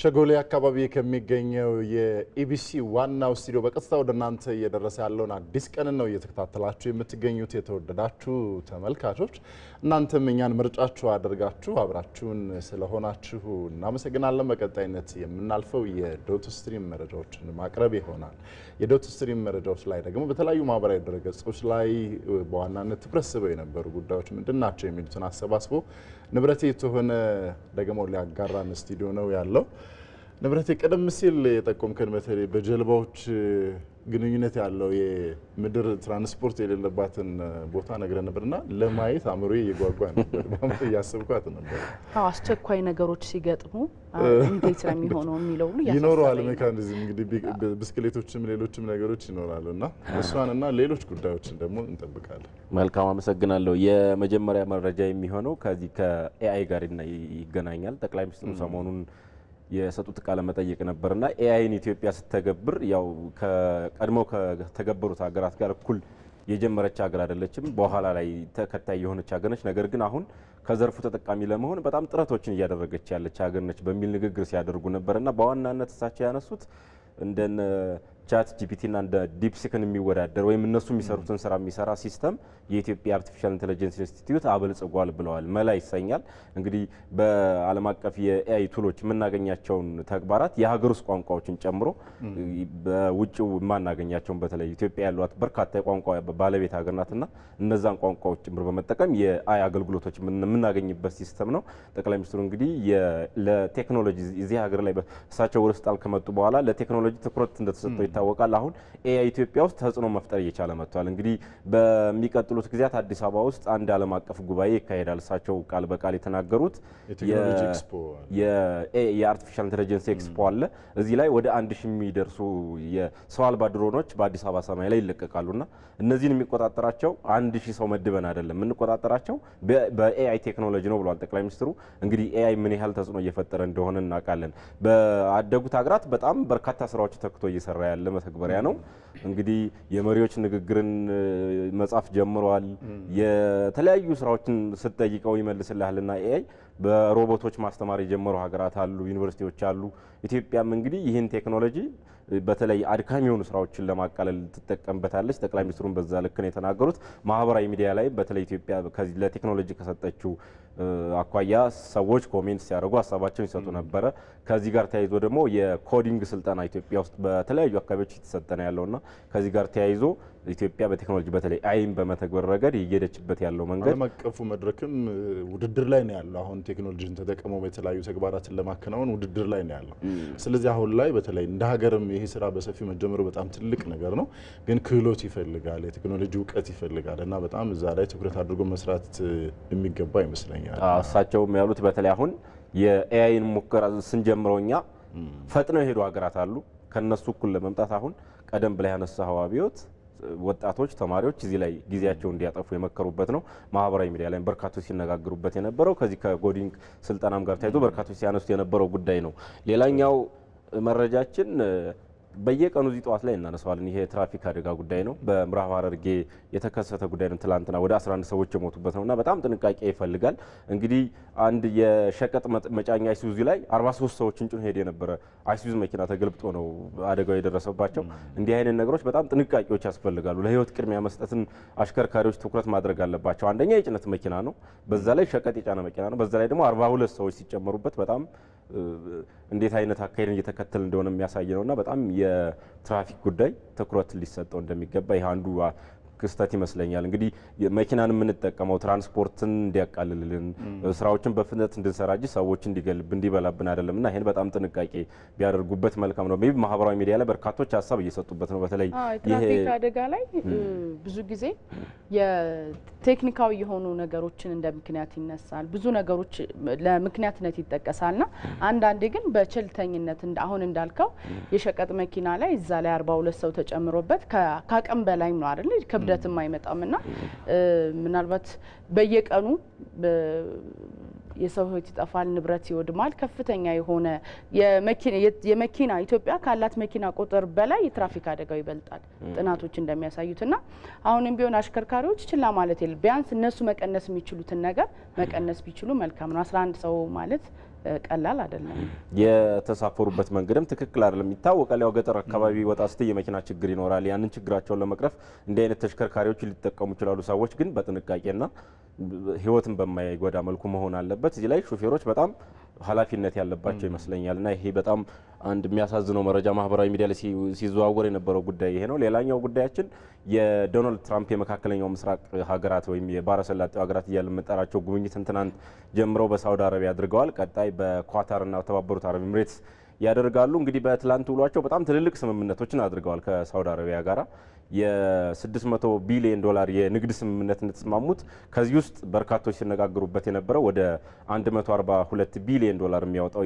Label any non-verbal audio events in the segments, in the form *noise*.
ሸጎሌ አካባቢ ከሚገኘው የኢቢሲ ዋናው ስቱዲዮ በቀጥታ ወደ እናንተ እየደረሰ ያለውን አዲስ ቀን ነው እየተከታተላችሁ የምትገኙት። የተወደዳችሁ ተመልካቾች እናንተም እኛን ምርጫችሁ አድርጋችሁ አብራችሁን ስለሆናችሁ እናመሰግናለን። በቀጣይነት የምናልፈው የዶት ስትሪም መረጃዎችን ማቅረብ ይሆናል። የዶት ስትሪም መረጃዎች ላይ ደግሞ በተለያዩ ማህበራዊ ድረገጾች ላይ በዋናነት ትኩረት ስበው የነበሩ ጉዳዮች ምንድን ናቸው የሚሉትን አሰባስቦ ንብረት የተሆነ ደግሞ ሊያጋራን ስቱዲዮ ነው ያለው ንብረት ቀደም ሲል የጠቆምከን በተለይ በጀልባዎች ግንኙነት ያለው የምድር ትራንስፖርት የሌለባትን ቦታ ነግረን ነበር እና ለማየት አእምሮ እየጓጓ ነበር። በአመት እያስብኳት ነበር። አስቸኳይ ነገሮች ሲገጥሙ *laughs* እንዴት ነው የሚሆነው የሚለው ይኖረዋል ሜካኒዝም። እንግዲህ ብስክሌቶችም ሌሎችም ነገሮች ይኖራሉ እና እሷን እና ሌሎች ጉዳዮችን ደግሞ እንጠብቃለን። መልካም አመሰግናለሁ። የመጀመሪያ መረጃ የሚሆነው ከዚህ ከኤአይ ጋር ይገናኛል። ጠቅላይ ሚኒስትሩ ሰሞኑን የሰጡት ቃለ መጠይቅ ነበርና ኤአይን ኢትዮጵያ ስተገብር ያው ቀድሞ ከተገበሩት ሀገራት ጋር እኩል የጀመረች ሀገር አይደለችም። በኋላ ላይ ተከታይ የሆነች ሀገር ነች። ነገር ግን አሁን ከዘርፉ ተጠቃሚ ለመሆን በጣም ጥረቶችን እያደረገች ያለች ሀገር ነች በሚል ንግግር ሲያደርጉ ነበርና በዋናነት እሳቸው ያነሱት እንደ ቻት ጂፒቲና እንደ ዲፕሲክን የሚወዳደር ወይም እነሱ የሚሰሩትን ስራ የሚሰራ ሲስተም የኢትዮጵያ አርቲፊሻል ኢንቴሊጀንስ ኢንስቲትዩት አበልጽጓል ብለዋል። መላ ይሰኛል። እንግዲህ በዓለም አቀፍ የኤአይ ቱሎች የምናገኛቸውን ተግባራት የሀገር ውስጥ ቋንቋዎችን ጨምሮ በውጭው የማናገኛቸውን በተለይ ኢትዮጵያ ያሏት በርካታ የቋንቋ ባለቤት ሀገር ናትና እነዛን ቋንቋዎች ጭምር በመጠቀም የአይ አገልግሎቶች የምናገኝበት ሲስተም ነው። ጠቅላይ ሚኒስትሩ እንግዲህ ለቴክኖሎጂ እዚህ ሀገር ላይ እሳቸው ወደ ስልጣን ከመጡ በኋላ ለቴክኖሎጂ ትኩረት እንደተሰጠው ይታወቃል። አሁን ኤአይ ኢትዮጵያ ውስጥ ተጽዕኖ መፍጠር እየቻለ መጥቷል። እንግዲህ በሚቀጥሉት ጊዜያት አዲስ አበባ ውስጥ አንድ ዓለም አቀፍ ጉባኤ ይካሄዳል። እሳቸው ቃል በቃል የተናገሩት የአርቲፊሻል ኢንቴሊጀንስ ኤክስፖ አለ። እዚህ ላይ ወደ አንድ ሺህ የሚደርሱ የሰው አልባ ድሮኖች በአዲስ አበባ ሰማይ ላይ ይለቀቃሉና እነዚህን የሚቆጣጠራቸው አንድ ሺህ ሰው መድበን አይደለም የምንቆጣጠራቸው በኤአይ ቴክኖሎጂ ነው ብሏል ጠቅላይ ሚኒስትሩ። እንግዲህ ኤአይ ምን ያህል ተጽዕኖ እየፈጠረ እንደሆነ እናውቃለን። በአደጉት ሀገራት በጣም በርካታ ስራዎች ተክቶ እየሰራ ያለ ያለ መተግበሪያ ነው። እንግዲህ የመሪዎች ንግግርን መጻፍ ጀምሯል የተለያዩ ስራዎችን ስትጠይቀው ይመልስልሃልና ኤአይ በሮቦቶች ማስተማር የጀመሩ ሀገራት አሉ፣ ዩኒቨርሲቲዎች አሉ። ኢትዮጵያም እንግዲህ ይህን ቴክኖሎጂ በተለይ አድካሚ የሆኑ ስራዎችን ለማቃለል ትጠቀምበታለች። ጠቅላይ ሚኒስትሩን በዛ ልክ ነው የተናገሩት። ማህበራዊ ሚዲያ ላይ በተለይ ኢትዮጵያ ለቴክኖሎጂ ከሰጠችው አኳያ ሰዎች ኮሜንት ሲያደርጉ ሀሳባቸውን ይሰጡ ነበረ። ከዚህ ጋር ተያይዞ ደግሞ የኮዲንግ ስልጠና ኢትዮጵያ ውስጥ በተለያዩ አካባቢዎች እየተሰጠ ነው ያለውና ከዚህ ጋር ተያይዞ ኢትዮጵያ በቴክኖሎጂ በተለይ አይን በመተግበር ረገድ እየሄደችበት ያለው መንገድ ዓለም አቀፉ መድረክም ውድድር ላይ ነው ያለው። አሁን ቴክኖሎጂን ተጠቅሞ የተለያዩ ተግባራትን ለማከናወን ውድድር ላይ ነው ያለው። ስለዚህ አሁን ላይ በተለይ እንደ ሀገርም ይሄ ስራ በሰፊው መጀመሩ በጣም ትልቅ ነገር ነው። ግን ክህሎት ይፈልጋል፣ የቴክኖሎጂ እውቀት ይፈልጋል እና በጣም እዛ ላይ ትኩረት አድርጎ መስራት የሚገባ ይመስለኛል። ይመስለኛል። እሳቸውም ያሉት በተለይ አሁን የኤአይን ሙከራ ስንጀምረው እኛ ፈጥነው የሄዱ ሀገራት አሉ። ከነሱ እኩል ለመምጣት አሁን ቀደም ብላ ያነሳኸው አብዮት ወጣቶች ተማሪዎች እዚህ ላይ ጊዜያቸው እንዲያጠፉ የመከሩበት ነው። ማህበራዊ ሚዲያ ላይ በርካቶች ሲነጋገሩበት የነበረው ከዚህ ከጎዲንግ ስልጠናም ጋር ተያይዞ በርካቶች ሲያነሱት የነበረው ጉዳይ ነው። ሌላኛው መረጃችን በየቀኑ እዚህ ጠዋት ላይ እናነሳዋለን። ይሄ የትራፊክ አደጋ ጉዳይ ነው። በምዕራብ ሐረርጌ የተከሰተ ጉዳይ ነው። ትላንትና ወደ 11 ሰዎች የሞቱበት ነውና በጣም ጥንቃቄ ይፈልጋል። እንግዲህ አንድ የሸቀጥ መጫኛ አይሱዙ ላይ 43 ሰዎችን ጭኖ ሄደ የነበረ አይሱዙ መኪና ተገልብጦ ነው አደጋው የደረሰባቸው። እንዲህ አይነት ነገሮች በጣም ጥንቃቄዎች ያስፈልጋሉ። ለህይወት ቅድሚያ መስጠትን አሽከርካሪዎች ትኩረት ማድረግ አለባቸው። አንደኛ የጭነት መኪና ነው፣ በዛ ላይ ሸቀጥ የጫነ መኪና ነው፣ በዛ ላይ ደግሞ 42 ሰዎች ሲጨመሩበት በጣም እንዴት አይነት አካሄድን እየተከተል እንደሆነ የሚያሳይ ነውና በጣም የትራፊክ ጉዳይ ትኩረት ሊሰጠው እንደሚገባ ይህ አንዱ ክስተት ይመስለኛል። እንግዲህ መኪናን የምንጠቀመው ትራንስፖርትን እንዲያቃልልልን፣ ስራዎችን በፍጥነት እንድንሰራ እንጂ ሰዎች እንዲገልብ እንዲበላብን አይደለም እና ይህን በጣም ጥንቃቄ ቢያደርጉበት መልካም ነው። ቢ ማህበራዊ ሚዲያ ላይ በርካቶች ሀሳብ እየሰጡበት ነው። በተለይ ትራፊክ አደጋ ላይ ብዙ ጊዜ የቴክኒካዊ የሆኑ ነገሮችን እንደ ምክንያት ይነሳል። ብዙ ነገሮች ለምክንያትነት ይጠቀሳል ና አንዳንዴ ግን በቸልተኝነት አሁን እንዳልከው የሸቀጥ መኪና ላይ እዛ ላይ አርባ ሁለት ሰው ተጨምሮበት ከአቅም በላይም ነው አይደል ክብደትም አይመጣም እና ምናልባት በየቀኑ የሰው ህይወት ይጠፋል፣ ንብረት ይወድማል። ከፍተኛ የሆነ የመኪና ኢትዮጵያ ካላት መኪና ቁጥር በላይ የትራፊክ አደጋው ይበልጣል ጥናቶች እንደሚያሳዩት እና አሁንም ቢሆን አሽከርካሪዎች ችላ ማለት የለ ቢያንስ እነሱ መቀነስ የሚችሉትን ነገር መቀነስ ቢችሉ መልካም ነው። አስራ አንድ ሰው ማለት ቀላል አይደለም። የተሳፈሩበት መንገድም ትክክል አይደለም ይታወቃል። ያው ገጠር አካባቢ ወጣ ስት የመኪና ችግር ይኖራል። ያንን ችግራቸውን ለመቅረፍ እንዲህ አይነት ተሽከርካሪዎች ሊጠቀሙ ይችላሉ። ሰዎች ግን በጥንቃቄና ህይወትን በማይጎዳ መልኩ መሆን አለበት። እዚህ ላይ ሹፌሮች በጣም ኃላፊነት ያለባቸው ይመስለኛል። እና ይሄ በጣም አንድ የሚያሳዝነው መረጃ ማህበራዊ ሚዲያ ላይ ሲዘዋወር የነበረው ጉዳይ ይሄ ነው። ሌላኛው ጉዳያችን የዶናልድ ትራምፕ የመካከለኛው ምስራቅ ሀገራት ወይም የባህረ ሀገራት እያለ የምንጠራቸው ጉብኝትን ትናንት ጀምረው በሳውዲ አረቢያ አድርገዋል። ቀጣይ በኳታርና በተባበሩት አረብ ኤምሬትስ ያደርጋሉ። እንግዲህ በትላንት ውሏቸው በጣም ትልልቅ ስምምነቶችን አድርገዋል ከሳውዲ አረቢያ ጋር የ600 ቢሊዮን ዶላር የንግድ ስምምነት እንደተስማሙት ከዚህ ውስጥ በርካቶች ሲነጋገሩበት የነበረው ወደ 142 ቢሊዮን ዶላር የሚያወጣው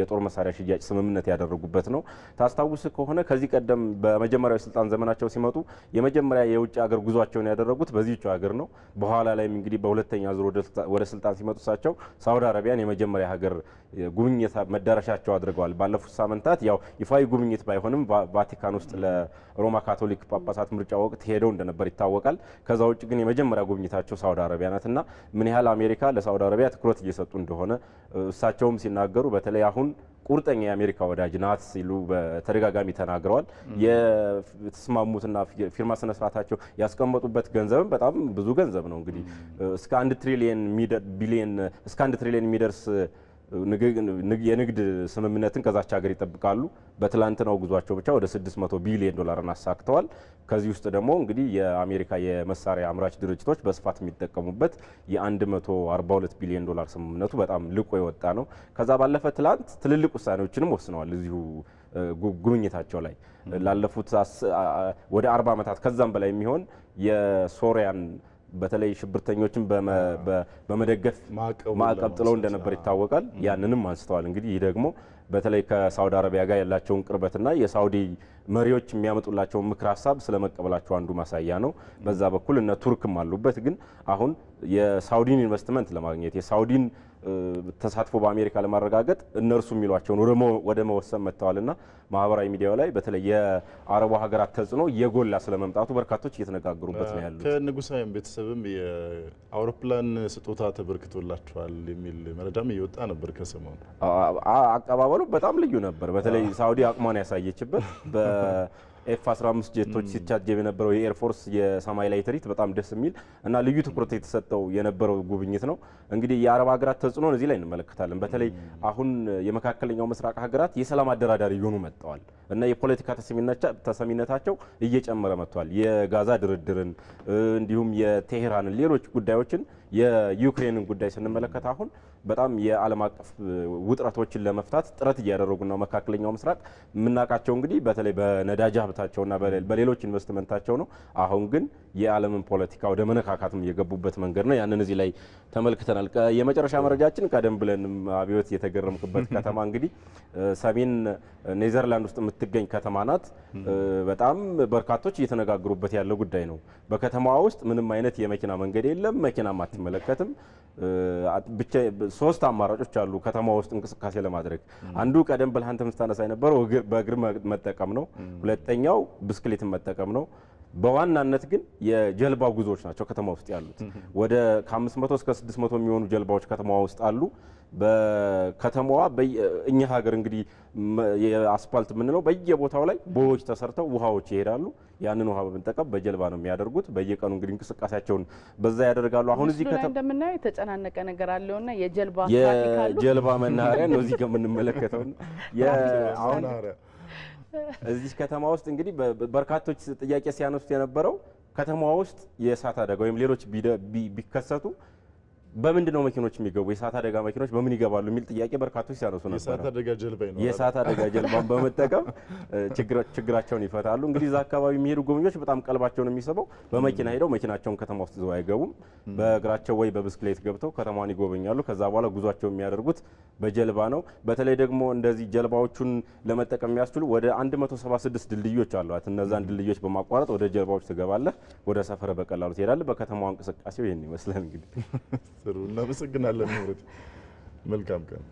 የጦር መሳሪያ ሽያጭ ስምምነት ያደረጉበት ነው። ታስታውስ ከሆነ ከዚህ ቀደም በመጀመሪያው ስልጣን ዘመናቸው ሲመጡ የመጀመሪያ የውጭ ሀገር ጉዟቸውን ያደረጉት በዚህች ሀገር ነው። በኋላ ላይም እንግዲህ በሁለተኛ ዙር ወደ ስልጣን ሲመጡ እሳቸው ሳውዲ አረቢያን የመጀመሪያ ሀገር ጉብኝት መዳረሻቸው አድርገዋል። ባለፉት ሳምንታት ያው ይፋዊ ጉብኝት ባይሆንም ቫቲካን ውስጥ ለሮማ ካቶሊክ ጳጳሳት ምርጫ ወቅት ሄደው እንደነበር ይታወቃል። ከዛ ውጭ ግን የመጀመሪያ ጉብኝታቸው ሳውዲ አረቢያ ናትና ምን ያህል አሜሪካ ለሳውዲ አረቢያ ትኩረት እየሰጡ እንደሆነ እሳቸውም ሲናገሩ በተለይ አሁን ቁርጠኛ የአሜሪካ ወዳጅ ናት ሲሉ በተደጋጋሚ ተናግረዋል። የተስማሙትና ፊርማ ስነስርዓታቸው ያስቀመጡበት ገንዘብም በጣም ብዙ ገንዘብ ነው። እንግዲህ እስከ አንድ ትሪሊየን ቢሊየን እስከ አንድ ትሪሊየን የሚደርስ የንግድ ስምምነትን ከዛች ሀገር ይጠብቃሉ። በትላንትናው ጉዟቸው ብቻ ወደ 600 ቢሊዮን ዶላርን አሳክተዋል። ከዚህ ውስጥ ደግሞ እንግዲህ የአሜሪካ የመሳሪያ አምራች ድርጅቶች በስፋት የሚጠቀሙበት የ142 ቢሊዮን ዶላር ስምምነቱ በጣም ልቆ የወጣ ነው። ከዛ ባለፈ ትላንት ትልልቅ ውሳኔዎችንም ወስነዋል እዚሁ ጉብኝታቸው ላይ ላለፉት ወደ 40 ዓመታት ከዛም በላይ የሚሆን የሶሪያን በተለይ ሽብርተኞችን በመደገፍ ማዕቀብ ጥለው እንደነበር ይታወቃል። ያንንም አንስተዋል። እንግዲህ ይህ ደግሞ በተለይ ከሳውዲ አረቢያ ጋር ያላቸውን ቅርበትና የሳውዲ መሪዎች የሚያመጡላቸውን ምክር ሀሳብ ስለመቀበላቸው አንዱ ማሳያ ነው። በዛ በኩል እነ ቱርክም አሉበት። ግን አሁን የሳውዲን ኢንቨስትመንት ለማግኘት የሳውዲን ተሳትፎ በአሜሪካ ለማረጋገጥ እነርሱ የሚሏቸውን ርሞ ወደ መወሰን መጥተዋልና ማህበራዊ ሚዲያው ላይ በተለይ የአረቡ ሀገራት ተጽዕኖ የጎላ ስለመምጣቱ በርካቶች እየተነጋገሩበት ነው ያሉት። ከንጉሳዊም ቤተሰብም የአውሮፕላን ስጦታ ተበርክቶላቸዋል የሚል መረጃም እየወጣ ነበር። ከሰሞኑ አቀባበሉ በጣም ልዩ ነበር። በተለይ ሳውዲ አቅሟን ያሳየችበት ኤፍ 15 ጀቶች ሲቻጀብ የነበረው የኤርፎርስ የሰማይ ላይ ትርኢት በጣም ደስ የሚል እና ልዩ ትኩረት የተሰጠው የነበረው ጉብኝት ነው። እንግዲህ የአረብ ሀገራት ተጽዕኖን እዚህ ላይ እንመለከታለን። በተለይ አሁን የመካከለኛው ምስራቅ ሀገራት የሰላም አደራዳሪ እየሆኑ መጥተዋል እና የፖለቲካ ተሰሚነታቸው እየጨመረ መጥቷል። የጋዛ ድርድርን እንዲሁም የቴሄራንን ሌሎች ጉዳዮችን የዩክሬንን ጉዳይ ስንመለከት አሁን በጣም የዓለም አቀፍ ውጥረቶችን ለመፍታት ጥረት እያደረጉ ነው። መካከለኛው ምስራቅ የምናውቃቸው እንግዲህ በተለይ በነዳጅ ሀብታቸውና በሌሎች ኢንቨስትመንታቸው ነው። አሁን ግን የዓለምን ፖለቲካ ወደ መነካካትም የገቡበት መንገድ ነው። ያንን እዚህ ላይ ተመልክተናል። የመጨረሻ መረጃችን ቀደም ብለን አብዮት የተገረምክበት ከተማ እንግዲህ ሰሜን ኔዘርላንድ ውስጥ የምትገኝ ከተማ ናት። በጣም በርካቶች እየተነጋገሩበት ያለው ጉዳይ ነው። በከተማዋ ውስጥ ምንም አይነት የመኪና መንገድ የለም። መኪና ማትመ አይመለከትም። ሶስት አማራጮች አሉ ከተማ ውስጥ እንቅስቃሴ ለማድረግ። አንዱ ቀደም ብለህ አንተም ስታነሳ የነበረው በእግር መጠቀም ነው። ሁለተኛው ብስክሌትን መጠቀም ነው። በዋናነት ግን የጀልባ ጉዞዎች ናቸው ከተማ ውስጥ ያሉት። ወደ ከ500 እስከ 600 የሚሆኑ ጀልባዎች ከተማዋ ውስጥ አሉ። በከተማዋ እኛ ሀገር እንግዲህ የአስፋልት የምንለው በየቦታው ላይ ቦዎች ተሰርተው ውሃዎች ይሄዳሉ። ያንን ውሃ በመጠቀም በጀልባ ነው የሚያደርጉት። በየቀኑ እንግዲህ እንቅስቃሴያቸውን በዛ ያደርጋሉ። አሁን እዚህ ከተማ እንደምናየው የተጨናነቀ ነገር አለውና የጀልባ የጀልባ መናኸሪያ ነው እዚህ ጋር የምንመለከተው *laughs* እዚህ ከተማ ውስጥ እንግዲህ በርካቶች ጥያቄ ሲያነሱት የነበረው ከተማ ውስጥ የእሳት አደጋ ወይም ሌሎች ቢከሰቱ በምንድን ነው መኪኖች የሚገቡ? የእሳት አደጋ መኪኖች በምን ይገባሉ የሚል ጥያቄ በርካቶች ሲያነሱ ነበር። የእሳት አደጋ ጀልባን በመጠቀም ችግራቸውን ይፈታሉ። እንግዲህ እዛ አካባቢ የሚሄዱ ጎብኚዎች በጣም ቀልባቸውን የሚስበው በመኪና ሄደው መኪናቸውን ከተማ ውስጥ ይዘው አይገቡም። በእግራቸው ወይ በብስክሌት ገብተው ከተማን ይጎበኛሉ። ከዛ በኋላ ጉዟቸው የሚያደርጉት በጀልባ ነው። በተለይ ደግሞ እንደዚህ ጀልባዎቹን ለመጠቀም የሚያስችሉ ወደ 176 ድልድዮች አሏት። እነዛን ድልድዮች በማቋረጥ ወደ ጀልባዎች ትገባለህ። ወደ ሰፈር በቀላሉ ትሄዳለህ። በከተማዋ እንቅስቃሴው ይህን ይመስላል እንግዲህ ጥሩ። እናመሰግናለን። ምረት መልካም ቀን